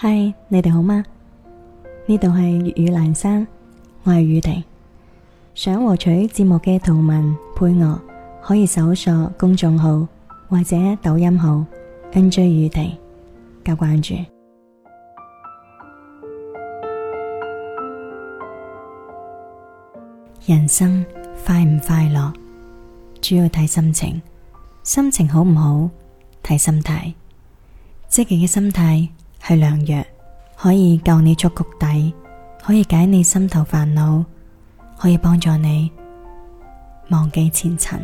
嗨，Hi, 你哋好嗎？呢度係粵語蘭山，我係宇婷。想獲取節目嘅圖文配樂，可以搜索公眾號或者抖音號 NJ 宇婷加關注。人生快唔快樂，主要睇心情，心情好唔好睇心態，積極嘅心態。係良藥，可以救你出谷底，可以解你心頭煩惱，可以幫助你忘記前塵，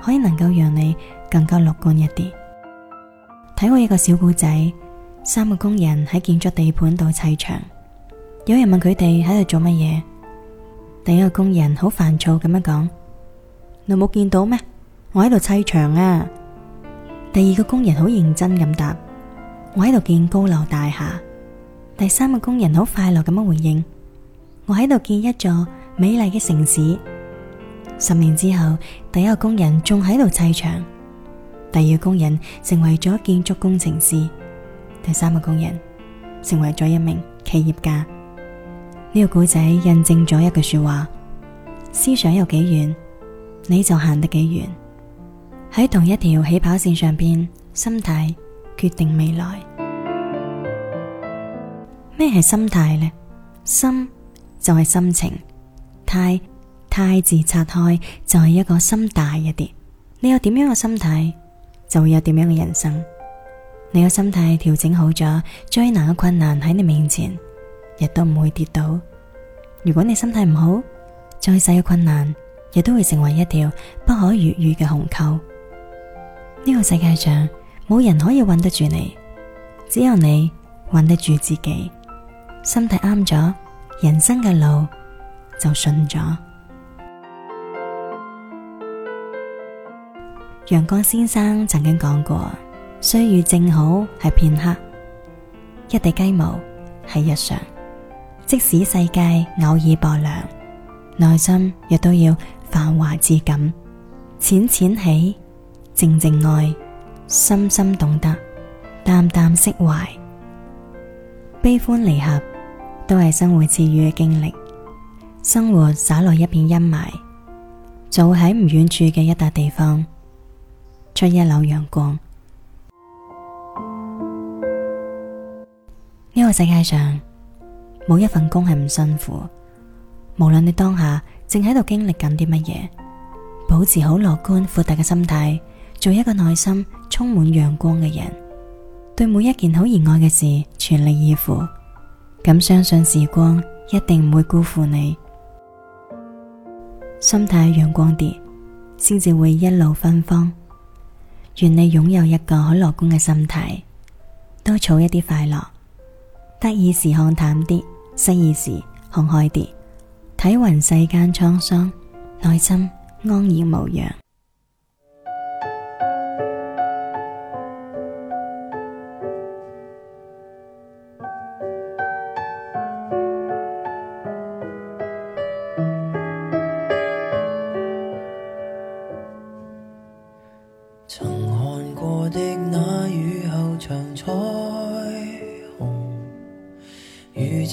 可以能夠讓你更加樂觀一啲。睇過一個小古仔，三個工人喺建築地盤度砌牆，有人問佢哋喺度做乜嘢？第一個工人好煩躁咁樣講：你冇見到咩？我喺度砌牆啊！第二個工人好認真咁答。我喺度建高樓大廈。第三個工人好快樂咁樣回應：我喺度建一座美麗嘅城市。十年之後，第一個工人仲喺度砌牆，第二個工人成為咗建築工程師，第三個工人成為咗一名企業家。呢個故仔印證咗一句說話：思想有幾遠，你就行得幾遠。喺同一條起跑線上邊，心態。決定未來。咩係心態呢？心就係心情，態態字拆開就係一個心大一啲。你有點樣嘅心態，就會有點樣嘅人生。你個心態調整好咗，最難嘅困難喺你面前亦都唔會跌倒。如果你心態唔好，再細嘅困難亦都會成為一條不可逾越嘅鴻溝。呢個世界上，冇人可以穩得住你，只有你穩得住自己。心態啱咗，人生嘅路就順咗。楊絳先生曾經講過：歲月靜好係片刻，一地雞毛係日常。即使世界偶爾薄涼，內心亦都要繁花似錦，淺淺喜，靜靜愛。深深懂得，淡淡釋懷，悲歡離合都係生活賜予嘅經歷。生活灑落一片陰霾，就會喺唔遠處嘅一笪地方，出一縷陽光。呢 個世界上冇一份工係唔辛苦，無論你當下正喺度經歷緊啲乜嘢，保持好樂觀豁達嘅心態。做一個內心充滿陽光嘅人，對每一件好熱愛嘅事全力以赴，咁相信時光一定唔會辜負你。心態陽光啲，先至會一路芬芳。願你擁有一個好樂觀嘅心態，多儲一啲快樂。得意時看淡啲，失意時看開啲，睇暈世間滄桑，內心安然無恙。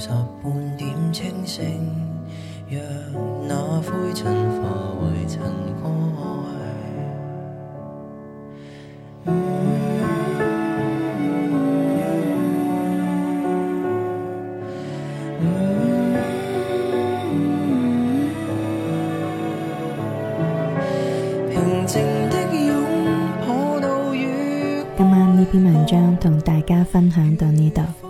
十半點清醒，讓那灰塵化為塵埃，平靜的擁抱，今晚呢篇文章同大家分享到呢度。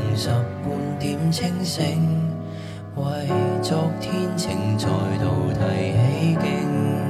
重拾半點清醒，為昨天情再度提起勁。